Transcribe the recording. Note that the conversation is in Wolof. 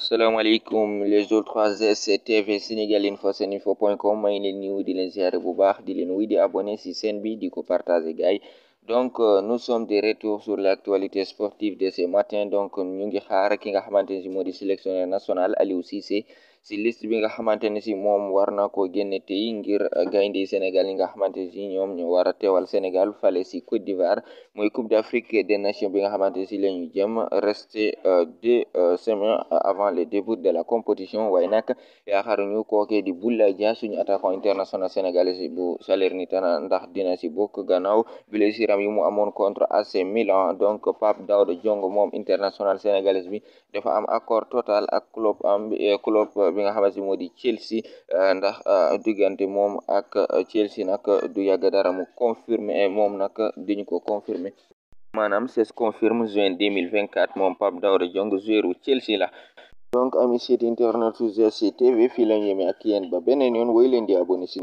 asalaamaaleykum les L3S TV Sénégal info seen info point com may leen nuyu di leen ziare bu baax di leen wuy di abonné si seen bi di ko partager gars yi donc euh, nous sommes de retour sur l'actualité sportive de ce matin donc ñu ngi xaar ki nga xamante ne si moo di sélectionneur national Aliou Cissé si liste bi nga xamante ne si moom war na ko génne tey ngir gaynde Sénégal yi nga xamante ne si ñoom ñu war a teewal Sénégal fale si Côte d'Ivoire mooy Coupe d'Afrique des Nations bi nga xamante si la ñu jëm resté euh, deux euh, semaines avant le début de la compétition waaye nag yaakaaruñu kookee di Boulaye Dia suñu attaquant international sénégalais bu Salernitana ndax dina si bokk gannaaw siram yi mu amoon contre AC Milan donc Pape Daouda Diong moom international sénégalais bi bi nga xamante ni moo di Chelsea eh, ndax eh, diggante moom ak eh, Chelsea nag du yàgg dara moo confirmé moom nag diñu ko confirmé maanaam c'est confirme juin 2024 moom Pape Daouda Diong joueur wu Chelsea la donc ami site internet su si TV fii la ñu yemee ak yéen ba beneen yoon woy leen di abonné si